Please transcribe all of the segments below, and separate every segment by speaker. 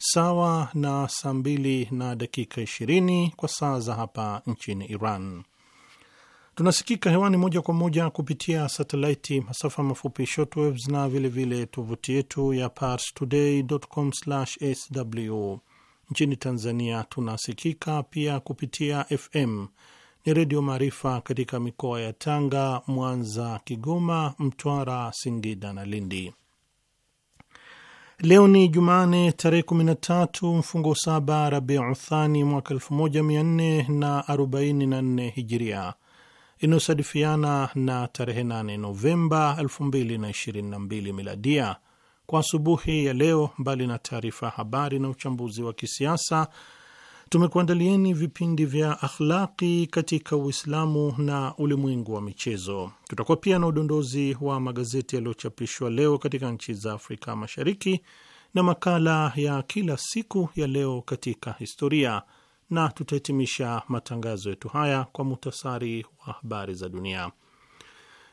Speaker 1: sawa na saa mbili na dakika ishirini kwa saa za hapa nchini Iran. Tunasikika hewani moja kwa moja kupitia satelaiti, masafa mafupi shortwaves, na vilevile tovuti yetu ya parstoday.com/sw. Nchini Tanzania tunasikika pia kupitia FM ni Redio Maarifa katika mikoa ya Tanga, Mwanza, Kigoma, Mtwara, Singida na Lindi. Leo ni Jumane tarehe 13 mfungo saba Rabiu Thani mwaka 1444 Hijiria, inayosadifiana na tarehe 8 Novemba mbili Miladia. Kwa asubuhi ya leo, mbali na taarifa ya habari na uchambuzi wa kisiasa Tumekuandalieni vipindi vya akhlaqi katika Uislamu na ulimwengu wa michezo. Tutakuwa pia na udondozi wa magazeti yaliyochapishwa leo katika nchi za Afrika Mashariki na makala ya kila siku ya leo katika historia, na tutahitimisha matangazo yetu haya kwa muhtasari wa habari za dunia.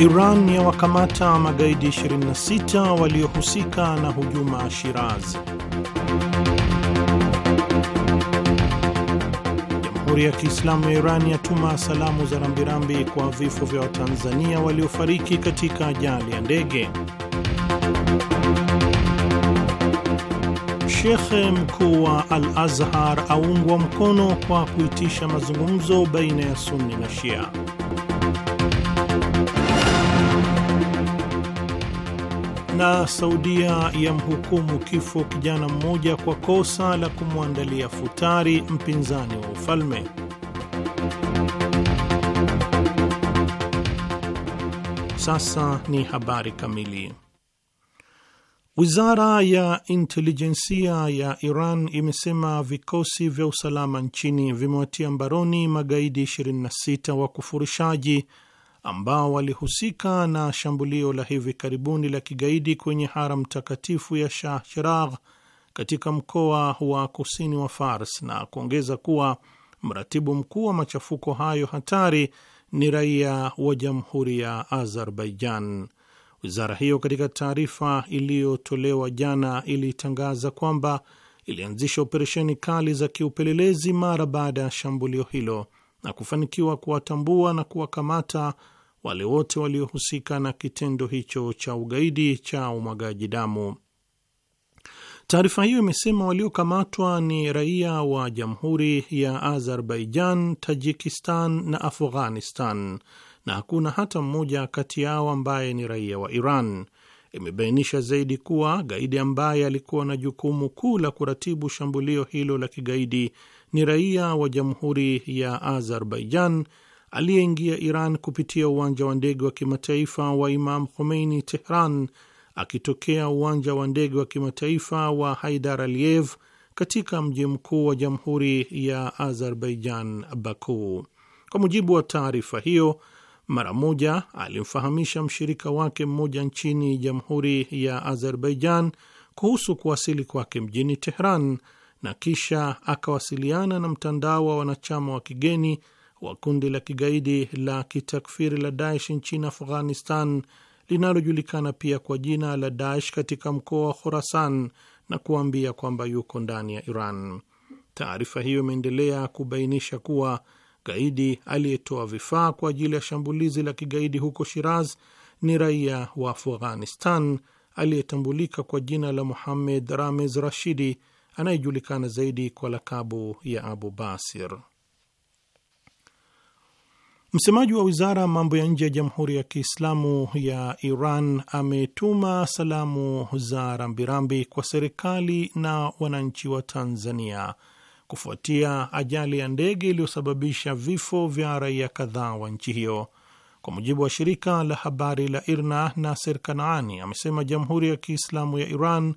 Speaker 1: Iran yawakamata magaidi 26 waliohusika na hujuma Shiraz. Jamhuri ya Kiislamu ya Iran yatuma salamu za rambirambi kwa vifo vya Watanzania waliofariki katika ajali ya ndege. Shekhe mkuu wa Al-Azhar aungwa mkono kwa kuitisha mazungumzo baina ya Sunni na Shia. na Saudia yamhukumu kifo kijana mmoja kwa kosa la kumwandalia futari mpinzani wa ufalme. Sasa ni habari kamili. Wizara ya intelijensia ya Iran imesema vikosi vya usalama nchini vimewatia mbaroni magaidi 26 wa kufurishaji ambao walihusika na shambulio la hivi karibuni la kigaidi kwenye haram takatifu ya Shah Cheragh katika mkoa wa kusini wa Fars na kuongeza kuwa mratibu mkuu wa machafuko hayo hatari ni raia wa jamhuri ya Azerbaijan. Wizara hiyo katika taarifa iliyotolewa jana ilitangaza kwamba ilianzisha operesheni kali za kiupelelezi mara baada ya shambulio hilo na kufanikiwa kuwatambua na kuwakamata wale wote waliohusika na kitendo hicho cha ugaidi cha umwagaji damu. Taarifa hiyo imesema waliokamatwa ni raia wa jamhuri ya Azerbaijan, Tajikistan na Afghanistan, na hakuna hata mmoja kati yao ambaye ni raia wa Iran. Imebainisha zaidi kuwa gaidi ambaye alikuwa na jukumu kuu la kuratibu shambulio hilo la kigaidi ni raia wa Jamhuri ya Azerbaijan aliyeingia Iran kupitia uwanja wa ndege wa kimataifa wa Imam Khomeini Tehran, akitokea uwanja wa ndege wa kimataifa wa Haidar Aliyev katika mji mkuu wa Jamhuri ya Azerbaijan, Baku. Kwa mujibu wa taarifa hiyo, mara moja alimfahamisha mshirika wake mmoja nchini Jamhuri ya Azerbaijan kuhusu kuwasili kwake mjini Tehran na kisha akawasiliana na mtandao wa wanachama wa kigeni wa kundi la kigaidi la kitakfiri la Daesh nchini Afghanistan linalojulikana pia kwa jina la Daesh katika mkoa wa Khorasan na kuambia kwamba yuko ndani ya Iran. Taarifa hiyo imeendelea kubainisha kuwa gaidi aliyetoa vifaa kwa ajili ya shambulizi la kigaidi huko Shiraz ni raia wa Afghanistan aliyetambulika kwa jina la Muhammed Ramez Rashidi anayejulikana zaidi kwa lakabu ya Abu Basir. Msemaji wa wizara ya mambo ya nje ya Jamhuri ya Kiislamu ya Iran ametuma salamu za rambirambi kwa serikali na wananchi wa Tanzania kufuatia ajali ya ndege iliyosababisha vifo vya raia kadhaa wa nchi hiyo. Kwa mujibu wa shirika la habari la IRNA, Naser Kanaani amesema Jamhuri ya Kiislamu ya Iran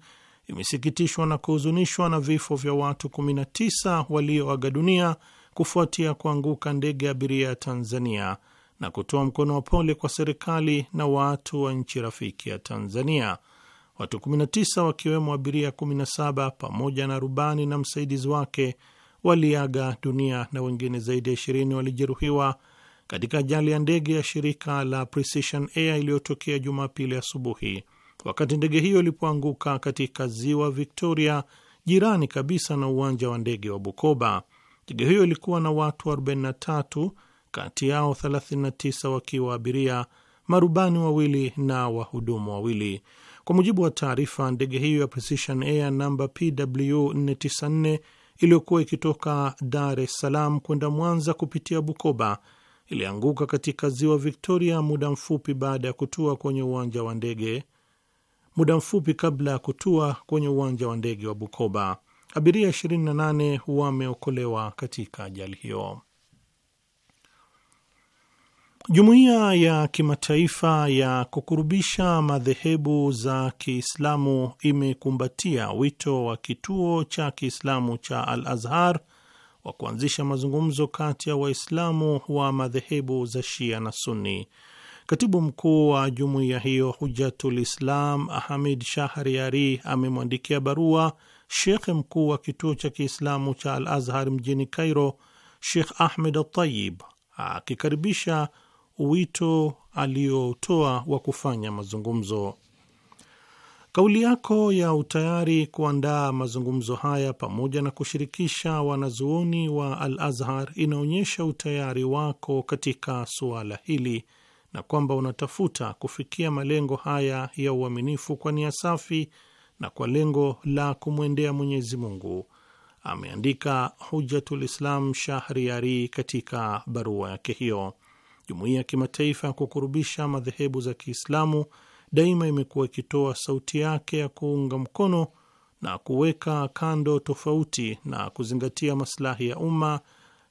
Speaker 1: imesikitishwa na kuhuzunishwa na vifo vya watu 19 walioaga dunia kufuatia kuanguka ndege ya abiria ya Tanzania na kutoa mkono wa pole kwa serikali na watu wa nchi rafiki ya Tanzania. Watu 19 wakiwemo abiria 17 pamoja na rubani na msaidizi wake waliaga dunia na wengine zaidi ya 20 walijeruhiwa katika ajali ya ndege ya shirika la Precision Air iliyotokea Jumapili asubuhi wakati ndege hiyo ilipoanguka katika ziwa Victoria, jirani kabisa na uwanja wa ndege wa Bukoba. Ndege hiyo ilikuwa na watu 43, kati yao 39 wakiwa abiria, marubani wawili na wahudumu wawili. Kwa mujibu wa taarifa, ndege hiyo ya Precision Air namba PW494 iliyokuwa ikitoka Dar es Salaam kwenda Mwanza kupitia Bukoba ilianguka katika ziwa Victoria muda mfupi baada ya kutua kwenye uwanja wa ndege muda mfupi kabla ya kutua kwenye uwanja wa ndege wa Bukoba. Abiria 28 wameokolewa katika ajali hiyo. Jumuiya ya kimataifa ya kukurubisha madhehebu za Kiislamu imekumbatia wito wa kituo cha Kiislamu cha Al Azhar wa kuanzisha mazungumzo kati ya Waislamu wa madhehebu za Shia na Sunni Katibu mkuu wa jumuiya hiyo Hujatul Islam Hamid Shahriari amemwandikia barua shekhe mkuu wa kituo cha Kiislamu cha Al Azhar mjini Cairo, Shekh Ahmed Altayib akikaribisha wito aliotoa wa kufanya mazungumzo. Kauli yako ya utayari kuandaa mazungumzo haya pamoja na kushirikisha wanazuoni wa Al Azhar inaonyesha utayari wako katika suala hili na kwamba unatafuta kufikia malengo haya ya uaminifu kwa nia safi na kwa lengo la kumwendea Mwenyezi Mungu, ameandika Hujatul Islam Shahriari katika barua yake hiyo. Jumuiya ya kimataifa ya kukurubisha madhehebu za Kiislamu daima imekuwa ikitoa sauti yake ya kuunga mkono na kuweka kando tofauti na kuzingatia maslahi ya umma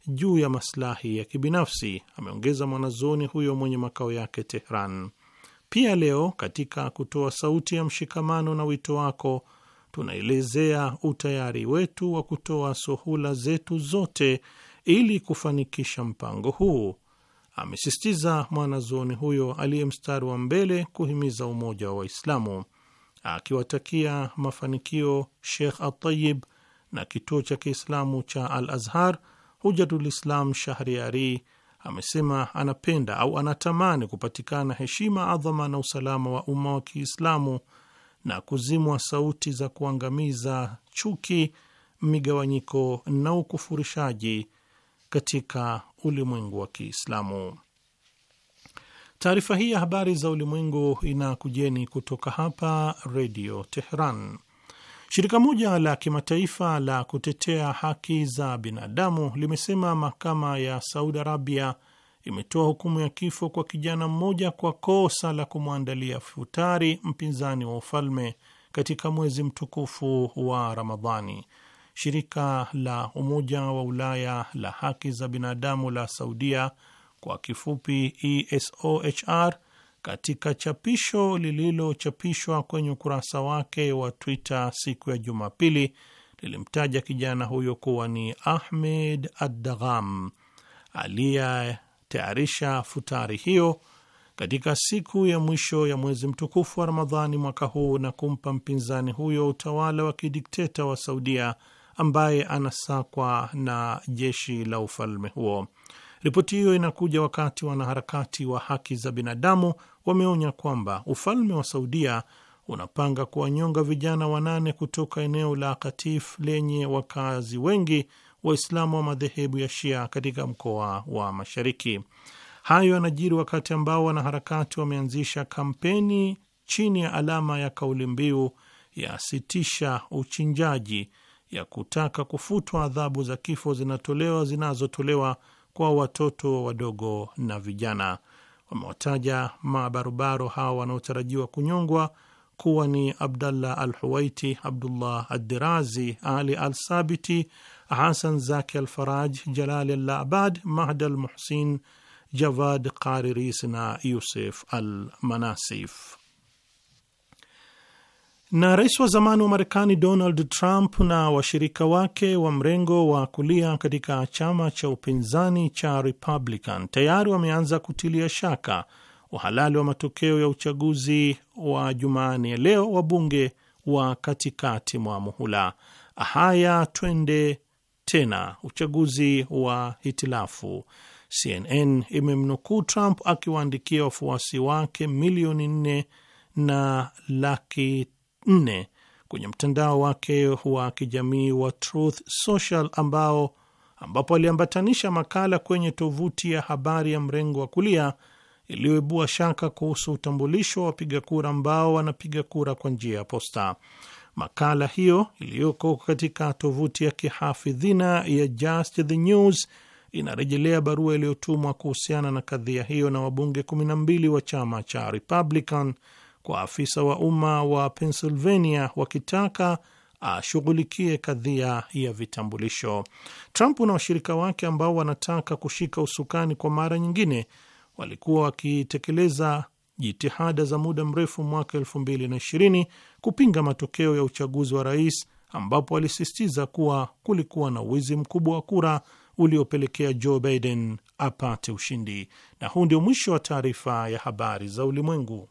Speaker 1: juu ya maslahi ya kibinafsi, ameongeza mwanazuoni huyo mwenye makao yake Tehran. Pia leo katika kutoa sauti ya mshikamano na wito wako, tunaelezea utayari wetu wa kutoa suhula zetu zote ili kufanikisha mpango huu, amesisitiza mwanazuoni huyo aliye mstari wa mbele kuhimiza umoja wa Waislamu, akiwatakia mafanikio Sheikh Atayib na kituo cha Kiislamu cha Al Azhar Hujatul Islam Shahriari amesema anapenda au anatamani kupatikana heshima, adhama na usalama wa umma wa Kiislamu na kuzimwa sauti za kuangamiza chuki, migawanyiko na ukufurishaji katika ulimwengu wa Kiislamu. Taarifa hii ya habari za ulimwengu inakujeni kutoka hapa Redio teheran Shirika moja la kimataifa la kutetea haki za binadamu limesema mahakama ya Saudi Arabia imetoa hukumu ya kifo kwa kijana mmoja kwa kosa la kumwandalia futari mpinzani wa ufalme katika mwezi mtukufu wa Ramadhani. Shirika la Umoja wa Ulaya la haki za binadamu la Saudia, kwa kifupi ESOHR, katika chapisho lililochapishwa kwenye ukurasa wake wa Twitter siku ya Jumapili, lilimtaja kijana huyo kuwa ni Ahmed Addagham aliyetayarisha futari hiyo katika siku ya mwisho ya mwezi mtukufu wa Ramadhani mwaka huu na kumpa mpinzani huyo utawala wa kidikteta wa Saudia ambaye anasakwa na jeshi la ufalme huo. Ripoti hiyo inakuja wakati wanaharakati wa haki za binadamu wameonya kwamba ufalme wa Saudia unapanga kuwanyonga vijana wanane kutoka eneo la Katif lenye wakazi wengi Waislamu wa madhehebu ya Shia katika mkoa wa Mashariki. Hayo yanajiri wakati ambao wanaharakati wameanzisha kampeni chini ya alama ya kauli mbiu ya sitisha uchinjaji, ya kutaka kufutwa adhabu za kifo zinatolewa zinazotolewa kwa watoto wadogo na vijana. Wamewataja mabarobaro hawa wanaotarajiwa kunyongwa kuwa ni Abdallah al Huwaiti, Abdullah Addirazi, Ali al Sabiti, Hasan Zaki al Faraj, Jalali al Labad, Mahd al Muhsin, Javad Qariris na Yusuf al Manasif. Na rais wa zamani wa Marekani Donald Trump na washirika wake wa mrengo wa kulia katika chama cha upinzani cha Republican tayari wameanza kutilia shaka uhalali wa matokeo ya uchaguzi wa Jumanne leo wa bunge wa katikati mwa muhula. Haya, twende tena uchaguzi wa hitilafu. CNN imemnukuu Trump akiwaandikia wafuasi wake milioni nne na laki nne kwenye mtandao wake wa kijamii wa Truth Social ambao ambapo aliambatanisha makala kwenye tovuti ya habari ya mrengo wa kulia iliyoibua shaka kuhusu utambulisho wa wapiga kura ambao wanapiga kura kwa njia ya posta. Makala hiyo iliyoko katika tovuti ya kihafidhina ya Just the News inarejelea barua iliyotumwa kuhusiana na kadhia hiyo na wabunge 12 wa chama cha Republican kwa afisa wa umma wa Pennsylvania wakitaka ashughulikie kadhia ya vitambulisho. Trump na washirika wake ambao wanataka kushika usukani kwa mara nyingine walikuwa wakitekeleza jitihada za muda mrefu mwaka ishirini kupinga matokeo ya uchaguzi wa rais, ambapo walisisitiza kuwa kulikuwa na wizi mkubwa wa kura uliopelekea Joe Biden apate ushindi. Na huu ndio mwisho wa taarifa ya habari za ulimwengu.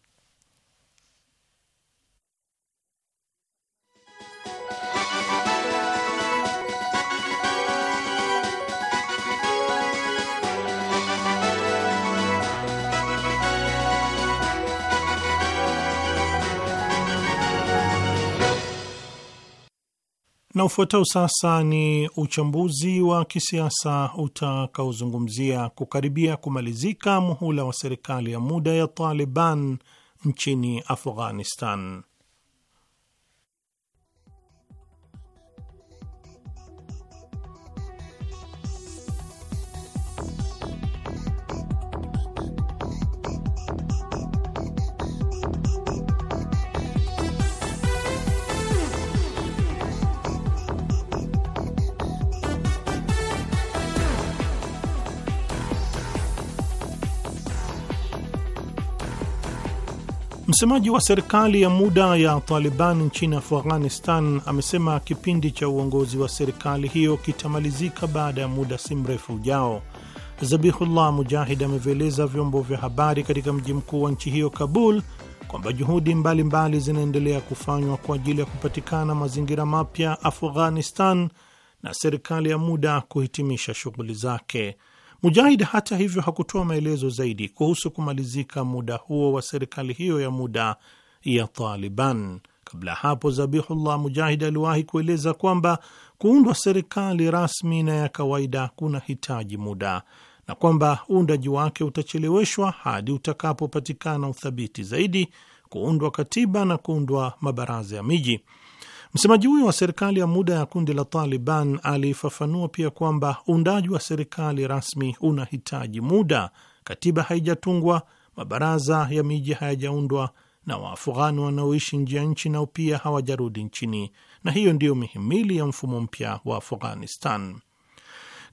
Speaker 1: Na ufuatao sasa ni uchambuzi wa kisiasa utakaozungumzia kukaribia kumalizika muhula wa serikali ya muda ya Taliban nchini Afghanistan. Msemaji wa serikali ya muda ya Taliban nchini Afghanistan amesema kipindi cha uongozi wa serikali hiyo kitamalizika baada ya muda si mrefu ujao. Zabihullah Mujahid amevieleza vyombo vya habari katika mji mkuu wa nchi hiyo Kabul kwamba juhudi mbalimbali zinaendelea kufanywa kwa ajili ya kupatikana mazingira mapya Afghanistan na serikali ya muda kuhitimisha shughuli zake. Mujahid hata hivyo hakutoa maelezo zaidi kuhusu kumalizika muda huo wa serikali hiyo ya muda ya Taliban. Kabla hapo, Zabihullah Mujahid aliwahi kueleza kwamba kuundwa serikali rasmi na ya kawaida kuna hitaji muda na kwamba uundaji wake utacheleweshwa hadi utakapopatikana uthabiti zaidi, kuundwa katiba na kuundwa mabaraza ya miji. Msemaji huyo wa serikali ya muda ya kundi la Taliban alifafanua pia kwamba uundaji wa serikali rasmi unahitaji muda, katiba haijatungwa, mabaraza ya miji hayajaundwa na Waafghani wanaoishi nje ya nchi nao pia hawajarudi nchini, na hiyo ndiyo mihimili ya mfumo mpya wa Afghanistan.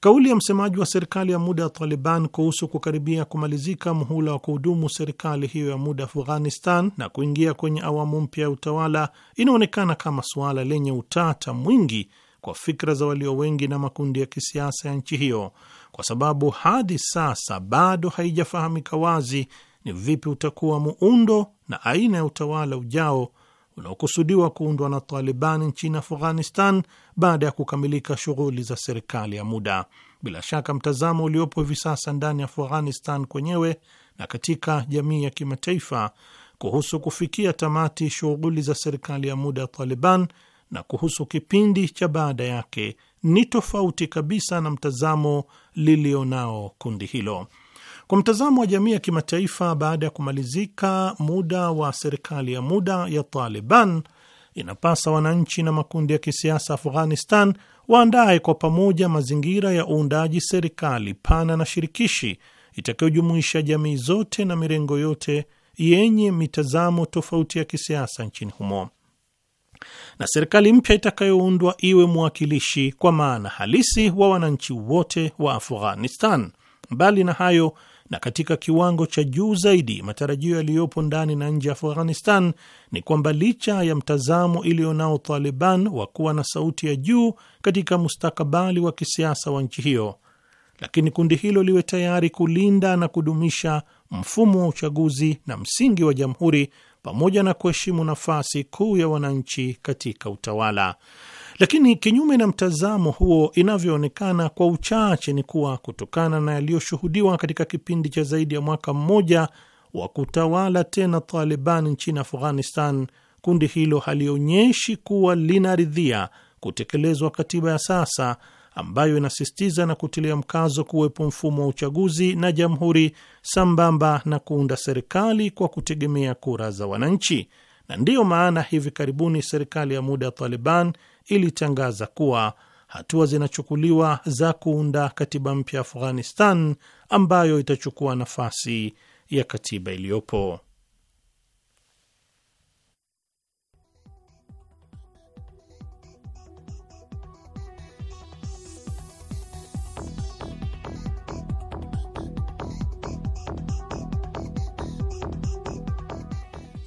Speaker 1: Kauli ya msemaji wa serikali ya muda ya Taliban kuhusu kukaribia kumalizika muhula wa kuhudumu serikali hiyo ya muda Afghanistan na kuingia kwenye awamu mpya ya utawala inaonekana kama suala lenye utata mwingi kwa fikra za walio wengi na makundi ya kisiasa ya nchi hiyo, kwa sababu hadi sasa bado haijafahamika wazi ni vipi utakuwa muundo na aina ya utawala ujao unaokusudiwa kuundwa na Taliban nchini Afghanistan baada ya kukamilika shughuli za serikali ya muda. Bila shaka mtazamo uliopo hivi sasa ndani ya Afghanistan kwenyewe na katika jamii ya kimataifa kuhusu kufikia tamati shughuli za serikali ya muda ya Taliban na kuhusu kipindi cha baada yake ni tofauti kabisa na mtazamo lilionao kundi hilo. Kwa mtazamo wa jamii ya kimataifa, baada ya kumalizika muda wa serikali ya muda ya Taliban, inapasa wananchi na makundi ya kisiasa Afghanistan waandaye kwa pamoja mazingira ya uundaji serikali pana na shirikishi itakayojumuisha jamii zote na mirengo yote yenye mitazamo tofauti ya kisiasa nchini humo, na serikali mpya itakayoundwa iwe mwakilishi kwa maana halisi wa wananchi wote wa Afghanistan. Mbali na hayo na katika kiwango cha juu zaidi. Matarajio yaliyopo ndani na nje ya Afghanistan ni kwamba licha ya mtazamo iliyonao Taliban wa kuwa na sauti ya juu katika mustakabali wa kisiasa wa nchi hiyo, lakini kundi hilo liwe tayari kulinda na kudumisha mfumo wa uchaguzi na msingi wa jamhuri pamoja na kuheshimu nafasi kuu ya wananchi katika utawala. Lakini kinyume na mtazamo huo, inavyoonekana kwa uchache ni kuwa kutokana na yaliyoshuhudiwa katika kipindi cha zaidi ya mwaka mmoja wa kutawala tena Taliban nchini Afghanistan, kundi hilo halionyeshi kuwa linaridhia kutekelezwa katiba ya sasa ambayo inasisitiza na kutilia mkazo kuwepo mfumo wa uchaguzi na jamhuri sambamba na kuunda serikali kwa kutegemea kura za wananchi. Na ndiyo maana hivi karibuni serikali ya muda ya Taliban ilitangaza kuwa hatua zinachukuliwa za kuunda katiba mpya Afghanistan ambayo itachukua nafasi ya katiba iliyopo.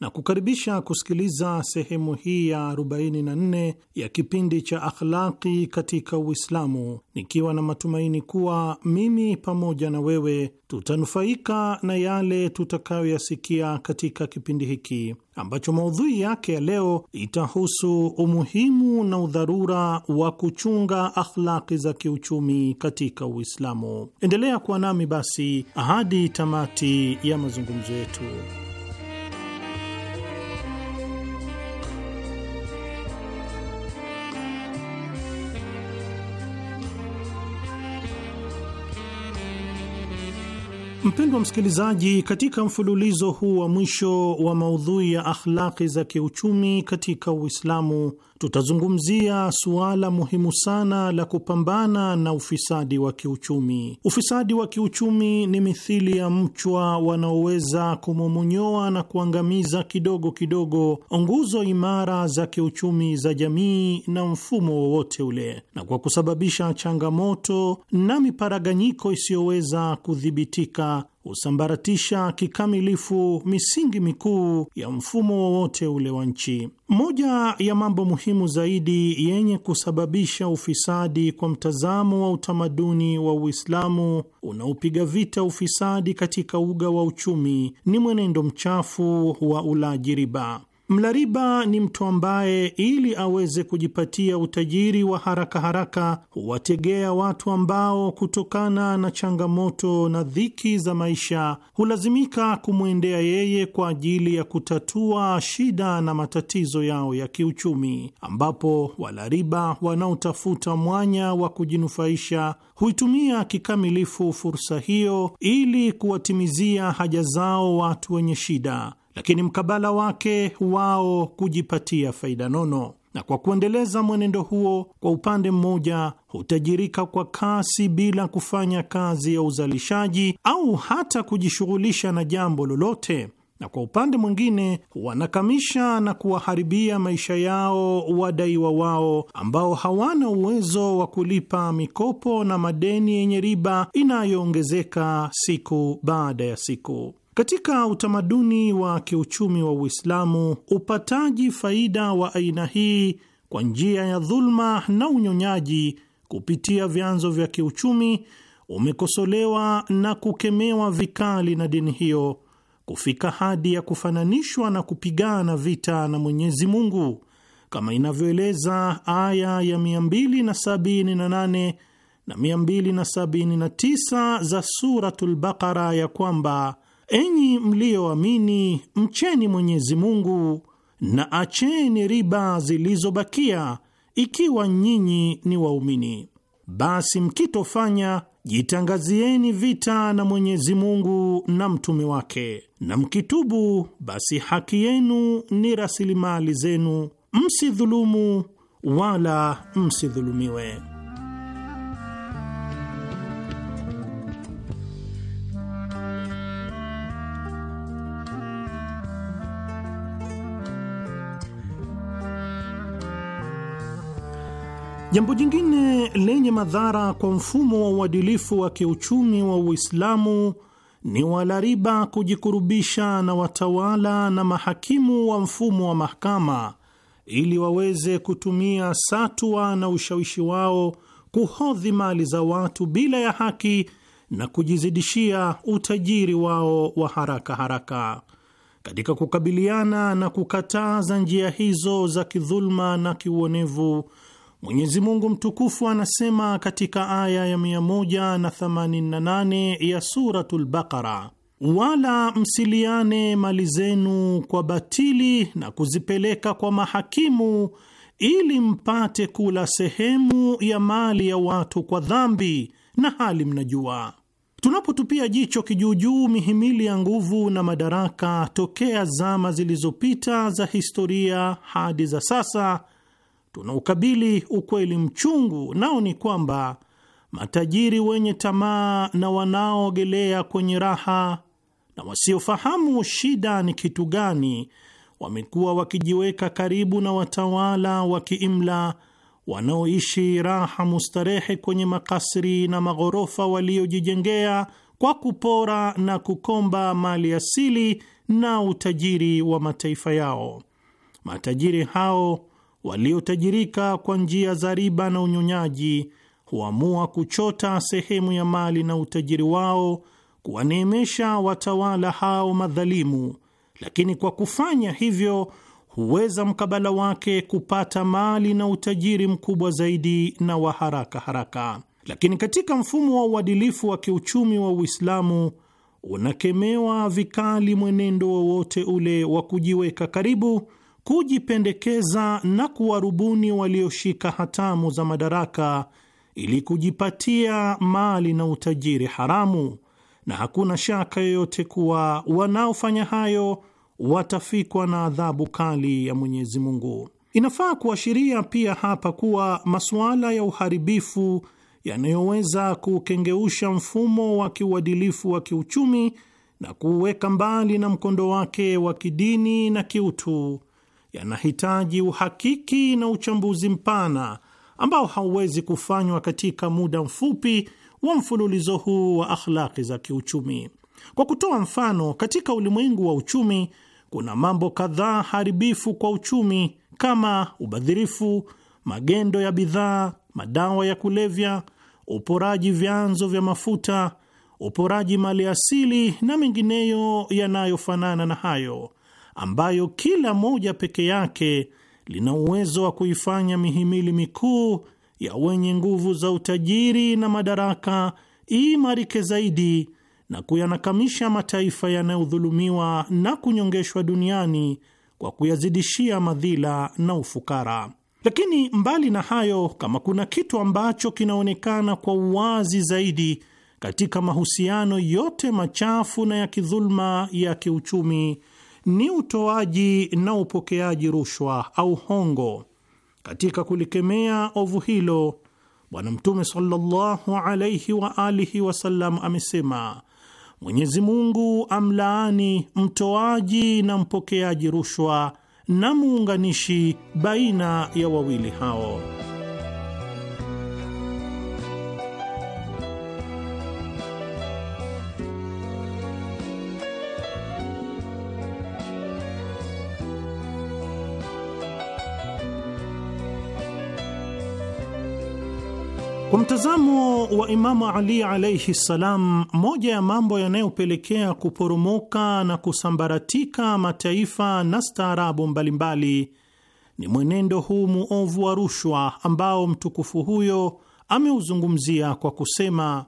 Speaker 1: na kukaribisha kusikiliza sehemu hii ya 44 ya kipindi cha Akhlaqi katika Uislamu, nikiwa na matumaini kuwa mimi pamoja na wewe tutanufaika na yale tutakayoyasikia katika kipindi hiki ambacho maudhui yake ya leo itahusu umuhimu na udharura wa kuchunga akhlaqi za kiuchumi katika Uislamu. Endelea kuwa nami basi hadi tamati ya mazungumzo yetu. Mpendwa msikilizaji, katika mfululizo huu wa mwisho wa maudhui ya akhlaqi za kiuchumi katika Uislamu tutazungumzia suala muhimu sana la kupambana na ufisadi wa kiuchumi. Ufisadi wa kiuchumi ni mithili ya mchwa wanaoweza kumomonyoa na kuangamiza kidogo kidogo nguzo imara za kiuchumi za jamii na mfumo wowote ule, na kwa kusababisha changamoto na miparaganyiko isiyoweza kudhibitika husambaratisha kikamilifu misingi mikuu ya mfumo wowote ule wa nchi. Moja ya mambo muhimu zaidi yenye kusababisha ufisadi kwa mtazamo wa utamaduni wa Uislamu unaopiga vita ufisadi katika uga wa uchumi ni mwenendo mchafu wa ulaji riba mlariba ni mtu ambaye ili aweze kujipatia utajiri wa haraka haraka huwategea watu ambao kutokana na changamoto na dhiki za maisha hulazimika kumwendea yeye kwa ajili ya kutatua shida na matatizo yao ya kiuchumi, ambapo walariba wanaotafuta mwanya wa kujinufaisha huitumia kikamilifu fursa hiyo ili kuwatimizia haja zao watu wenye shida lakini mkabala wake wao kujipatia faida nono, na kwa kuendeleza mwenendo huo, kwa upande mmoja hutajirika kwa kasi bila kufanya kazi ya uzalishaji au hata kujishughulisha na jambo lolote, na kwa upande mwingine huwanakamisha na kuwaharibia maisha yao wadaiwa wao ambao hawana uwezo wa kulipa mikopo na madeni yenye riba inayoongezeka siku baada ya siku. Katika utamaduni wa kiuchumi wa Uislamu, upataji faida wa aina hii kwa njia ya dhulma na unyonyaji kupitia vyanzo vya kiuchumi umekosolewa na kukemewa vikali na dini hiyo kufika hadi ya kufananishwa na kupigana vita na Mwenyezi Mungu kama inavyoeleza aya ya 278 na 279 za Suratul Baqara ya kwamba Enyi mliyoamini, mcheni Mwenyezi Mungu na acheni riba zilizobakia, ikiwa nyinyi ni waumini. Basi mkitofanya, jitangazieni vita na Mwenyezi Mungu na mtume wake, na mkitubu, basi haki yenu ni rasilimali zenu, msidhulumu wala msidhulumiwe. Jambo jingine lenye madhara kwa mfumo wa uadilifu wa kiuchumi wa Uislamu ni walariba kujikurubisha na watawala na mahakimu wa mfumo wa mahakama ili waweze kutumia satwa na ushawishi wao kuhodhi mali za watu bila ya haki na kujizidishia utajiri wao wa haraka haraka. Katika kukabiliana na kukataza njia hizo za kidhuluma na kiuonevu Mwenyezi Mungu mtukufu anasema katika aya ya 188 ya Suratul Baqara, wala msiliane mali zenu kwa batili na kuzipeleka kwa mahakimu ili mpate kula sehemu ya mali ya watu kwa dhambi na hali mnajua. Tunapotupia jicho kijuujuu mihimili ya nguvu na madaraka tokea zama zilizopita za historia hadi za sasa tunaukabili ukweli mchungu, nao ni kwamba matajiri wenye tamaa na wanaoogelea kwenye raha na wasiofahamu shida ni kitu gani, wamekuwa wakijiweka karibu na watawala wa kiimla wanaoishi raha mustarehe kwenye makasri na maghorofa waliojijengea kwa kupora na kukomba mali asili na utajiri wa mataifa yao. Matajiri hao waliotajirika kwa njia za riba na unyonyaji huamua kuchota sehemu ya mali na utajiri wao kuwaneemesha watawala hao madhalimu, lakini kwa kufanya hivyo huweza mkabala wake kupata mali na utajiri mkubwa zaidi na wa haraka haraka. Lakini katika mfumo wa uadilifu wa kiuchumi wa Uislamu unakemewa vikali mwenendo wowote ule wa kujiweka karibu kujipendekeza na kuwarubuni walioshika hatamu za madaraka ili kujipatia mali na utajiri haramu, na hakuna shaka yoyote kuwa wanaofanya hayo watafikwa na adhabu kali ya Mwenyezi Mungu. Inafaa kuashiria pia hapa kuwa masuala ya uharibifu yanayoweza kukengeusha mfumo wa kiuadilifu wa kiuchumi na kuuweka mbali na mkondo wake wa kidini na kiutu yanahitaji uhakiki na uchambuzi mpana ambao hauwezi kufanywa katika muda mfupi wa mfululizo huu wa akhlaki za kiuchumi. Kwa kutoa mfano, katika ulimwengu wa uchumi kuna mambo kadhaa haribifu kwa uchumi kama ubadhirifu, magendo ya bidhaa, madawa ya kulevya, uporaji vyanzo vya mafuta, uporaji mali asili na mengineyo yanayofanana na hayo ambayo kila moja peke yake lina uwezo wa kuifanya mihimili mikuu ya wenye nguvu za utajiri na madaraka iimarike zaidi na kuyanakamisha mataifa yanayodhulumiwa na kunyongeshwa duniani kwa kuyazidishia madhila na ufukara. Lakini mbali na hayo, kama kuna kitu ambacho kinaonekana kwa uwazi zaidi katika mahusiano yote machafu na ya kidhuluma ya kiuchumi ni utoaji na upokeaji rushwa au hongo. Katika kulikemea ovu hilo, Bwana Mtume sallallahu alaihi wa alihi wasallam amesema, Mwenyezi Mungu amlaani mtoaji na mpokeaji rushwa na muunganishi baina ya wawili hao. Kwa mtazamo wa Imamu Ali alaihi ssalam, moja ya mambo yanayopelekea kuporomoka na kusambaratika mataifa na staarabu mbalimbali ni mwenendo huu muovu wa rushwa ambao mtukufu huyo ameuzungumzia kwa kusema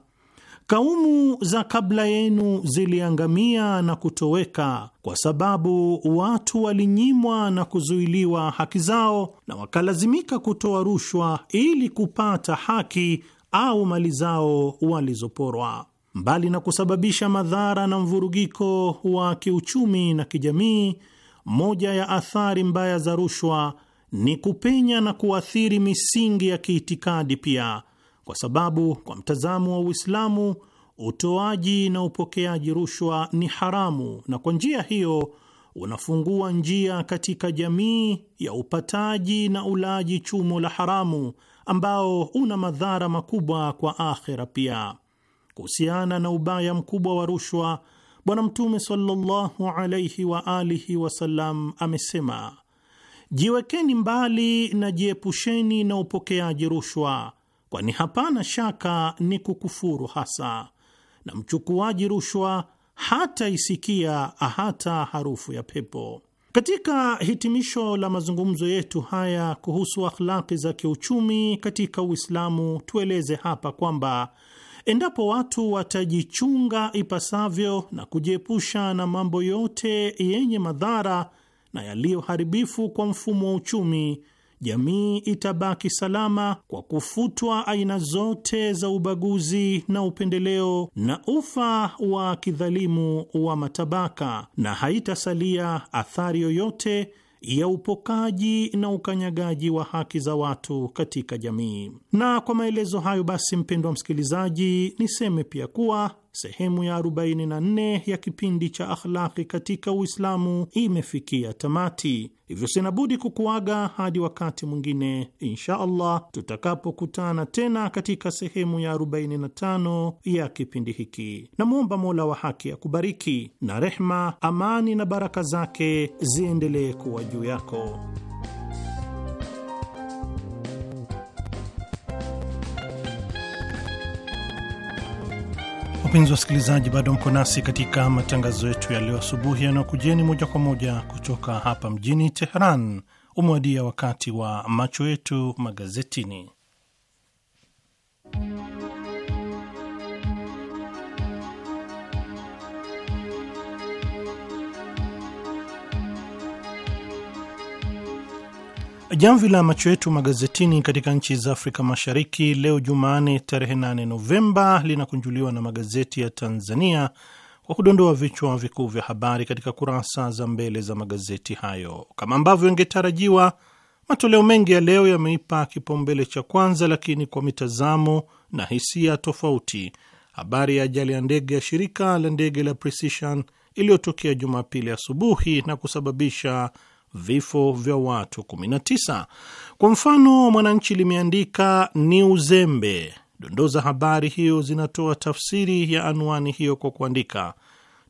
Speaker 1: Kaumu za kabla yenu ziliangamia na kutoweka kwa sababu watu walinyimwa na kuzuiliwa haki zao na wakalazimika kutoa rushwa ili kupata haki au mali zao walizoporwa. Mbali na kusababisha madhara na mvurugiko wa kiuchumi na kijamii, moja ya athari mbaya za rushwa ni kupenya na kuathiri misingi ya kiitikadi pia kwa sababu kwa mtazamo wa Uislamu utoaji na upokeaji rushwa ni haramu, na kwa njia hiyo unafungua njia katika jamii ya upataji na ulaji chumo la haramu ambao una madhara makubwa kwa akhera pia. Kuhusiana na ubaya mkubwa wa rushwa, Bwana Mtume sallallahu alaihi wa alihi wasallam amesema, jiwekeni mbali na jiepusheni na upokeaji rushwa kwani hapana shaka ni kukufuru hasa, na mchukuaji rushwa hata isikia hata harufu ya pepo. Katika hitimisho la mazungumzo yetu haya kuhusu akhlaki za kiuchumi katika Uislamu, tueleze hapa kwamba endapo watu watajichunga ipasavyo na kujiepusha na mambo yote yenye madhara na yaliyoharibifu kwa mfumo wa uchumi jamii itabaki salama kwa kufutwa aina zote za ubaguzi na upendeleo na ufa wa kidhalimu wa matabaka, na haitasalia athari yoyote ya upokaji na ukanyagaji wa haki za watu katika jamii. Na kwa maelezo hayo basi, mpendwa msikilizaji, niseme pia kuwa sehemu ya 44 ya kipindi cha Akhlaqi katika Uislamu imefikia tamati. Hivyo sina budi kukuaga hadi wakati mwingine insha Allah, tutakapokutana tena katika sehemu ya 45 ya kipindi hiki. Namwomba Mola wa haki akubariki, na rehma, amani na baraka zake ziendelee kuwa juu yako. Wapenzi wasikilizaji, bado mko nasi katika matangazo yetu ya leo asubuhi yanayokujeni moja kwa moja kutoka hapa mjini Teheran. Umewadia wakati wa macho yetu magazetini. Jamvi la macho yetu magazetini katika nchi za Afrika Mashariki leo Jumane tarehe 8 Novemba linakunjuliwa na magazeti ya Tanzania kwa kudondoa vichwa vikuu vya habari katika kurasa za mbele za magazeti hayo. Kama ambavyo ingetarajiwa, matoleo mengi ya leo yameipa kipaumbele cha kwanza, lakini kwa mitazamo na hisia tofauti, habari ya ajali ya ndege ya shirika la ndege la Precision iliyotokea Jumapili asubuhi na kusababisha vifo vya watu 19. Kwa mfano, Mwananchi limeandika ni uzembe. Dondoo za habari hiyo zinatoa tafsiri ya anwani hiyo kwa kuandika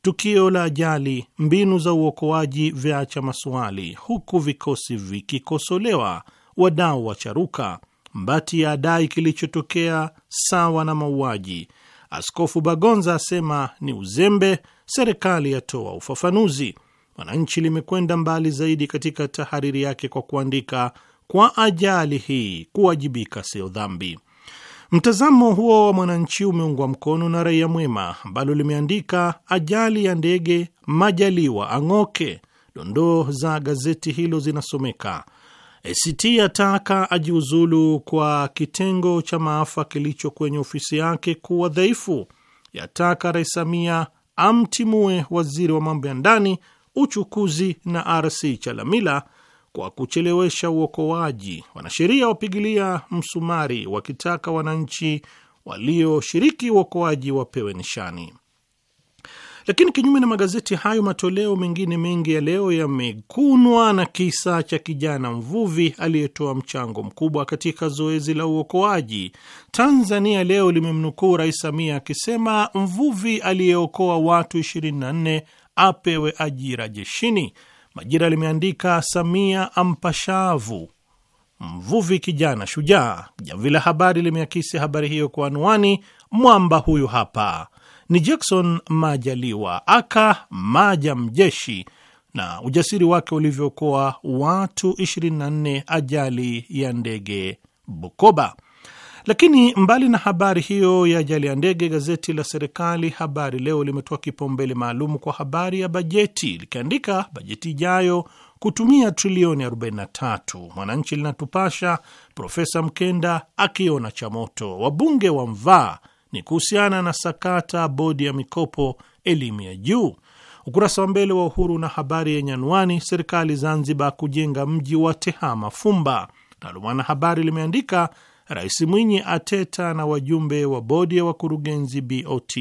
Speaker 1: tukio la ajali, mbinu za uokoaji vyacha maswali, huku vikosi vikikosolewa, wadau wacharuka, Mbati ya adai kilichotokea sawa na mauaji, Askofu Bagonza asema ni uzembe, serikali yatoa ufafanuzi. Mwananchi limekwenda mbali zaidi katika tahariri yake kwa kuandika, kwa ajali hii kuwajibika sio dhambi. Mtazamo huo wa Mwananchi umeungwa mkono na Raia Mwema ambalo limeandika, ajali ya ndege Majaliwa ang'oke. Dondoo za gazeti hilo zinasomeka ACT yataka ajiuzulu kwa kitengo cha maafa kilicho kwenye ofisi yake kuwa dhaifu, yataka Rais Samia amtimue waziri wa mambo ya ndani uchukuzi na RC Chalamila kwa kuchelewesha uokoaji. Wanasheria wapigilia msumari wakitaka wananchi walioshiriki uokoaji wapewe nishani. Lakini kinyume na magazeti hayo, matoleo mengine mengi ya leo yamekunwa na kisa cha kijana mvuvi aliyetoa mchango mkubwa katika zoezi la uokoaji. Tanzania Leo limemnukuu Rais Samia akisema mvuvi aliyeokoa watu apewe ajira jeshini. Majira limeandika Samia ampashavu mvuvi kijana shujaa. Jamvi la Habari limeakisi habari hiyo kwa anwani mwamba huyu hapa ni Jackson Majaliwa aka Maja mjeshi na ujasiri wake ulivyokoa watu 24 ajali ya ndege Bukoba. Lakini mbali na habari hiyo ya ajali ya ndege, gazeti la serikali Habari Leo limetoa kipaumbele maalum kwa habari ya bajeti, likiandika bajeti ijayo kutumia trilioni 43. Mwananchi linatupasha Profesa Mkenda akiona cha moto, wabunge wa mvaa ni kuhusiana na sakata bodi ya mikopo elimu ya juu. Ukurasa wa mbele wa Uhuru na habari yenye anwani serikali Zanzibar kujenga mji wa tehama Fumba. Nalo habari limeandika Rais Mwinyi ateta na wajumbe wa bodi ya wakurugenzi BOT.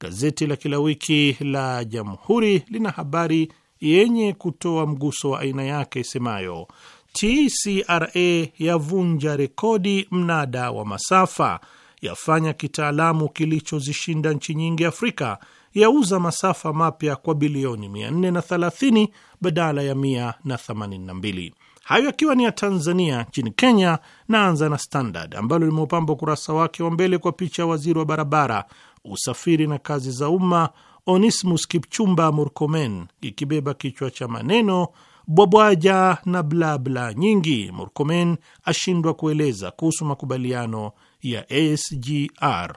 Speaker 1: Gazeti la kila wiki la Jamhuri lina habari yenye kutoa mguso wa aina yake isemayo TCRA yavunja rekodi mnada wa masafa, yafanya kitaalamu kilichozishinda nchi nyingi Afrika, yauza masafa mapya kwa bilioni 430 badala ya 182. Hayo akiwa ni ya Tanzania. Nchini Kenya, naanza na Standard ambalo limeupamba ukurasa wake wa mbele kwa picha ya waziri wa barabara, usafiri na kazi za umma Onismus Kipchumba Murkomen, ikibeba kichwa cha maneno bwabwaja na blabla nyingi, Murkomen ashindwa kueleza kuhusu makubaliano ya SGR.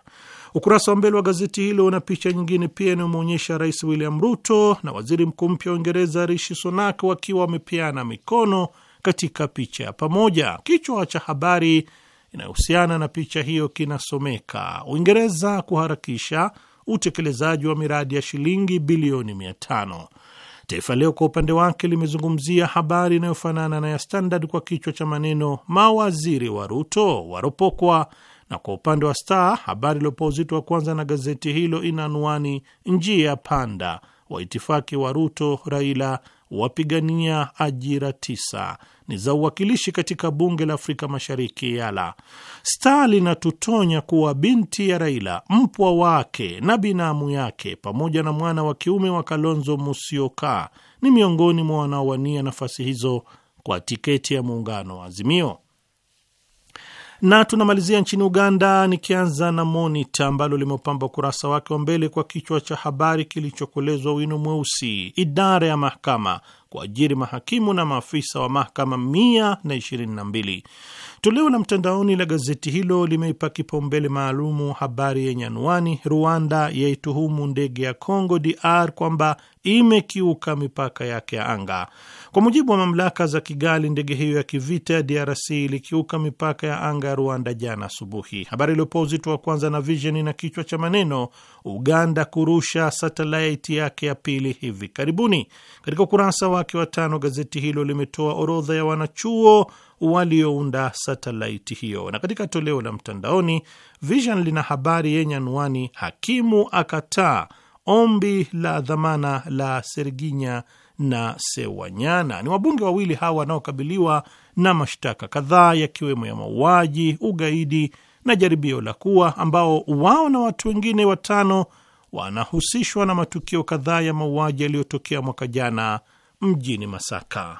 Speaker 1: Ukurasa wa mbele wa gazeti hilo una picha nyingine pia inayomwonyesha Rais William Ruto na waziri mkuu mpya wa Uingereza Rishi Sunak wakiwa wamepeana mikono katika picha ya pamoja. Kichwa cha habari inayohusiana na picha hiyo kinasomeka Uingereza kuharakisha utekelezaji wa miradi ya shilingi bilioni mia tano. Taifa Leo kwa upande wake limezungumzia habari inayofanana na ya Standard kwa kichwa cha maneno mawaziri wa Ruto waropokwa, na kwa upande wa Star habari iliopoa uzito wa kwanza na gazeti hilo ina anwani njia panda, waitifaki wa Ruto, Raila wapigania ajira tisa ni za uwakilishi katika bunge la Afrika Mashariki Yala. Star linatutonya kuwa binti ya Raila, mpwa wake na binamu yake, pamoja na mwana wa kiume wa Kalonzo Musyoka ni miongoni mwa wanaowania nafasi hizo kwa tiketi ya muungano wa Azimio. Na tunamalizia nchini Uganda, nikianza na Monita ambalo limepamba ukurasa wake wa mbele kwa kichwa cha habari kilichokolezwa wino mweusi, idara ya mahakama kuajiri mahakimu na maafisa wa mahakama 122. Toleo la mtandaoni la gazeti hilo limeipa kipaumbele maalumu habari yenye anwani, Rwanda yaituhumu ndege ya Congo DR kwamba imekiuka mipaka yake ya anga. Kwa mujibu wa mamlaka za Kigali, ndege hiyo ya kivita ya DRC ilikiuka mipaka ya anga ya Rwanda jana asubuhi. Habari iliyopewa uzito wa kwanza na Vision na kichwa cha maneno Uganda kurusha satelaiti yake ya pili hivi karibuni. Katika ukurasa wake wa tano, gazeti hilo limetoa orodha ya wanachuo waliounda satelaiti hiyo, na katika toleo la mtandaoni Vision lina habari yenye anwani hakimu akataa ombi la dhamana la Serginya na Sewanyana. Ni wabunge wawili hawa wanaokabiliwa na mashtaka kadhaa yakiwemo ya mauaji, ugaidi na jaribio la kuwa, ambao wao na watu wengine watano wanahusishwa na matukio kadhaa ya mauaji yaliyotokea mwaka jana mjini Masaka.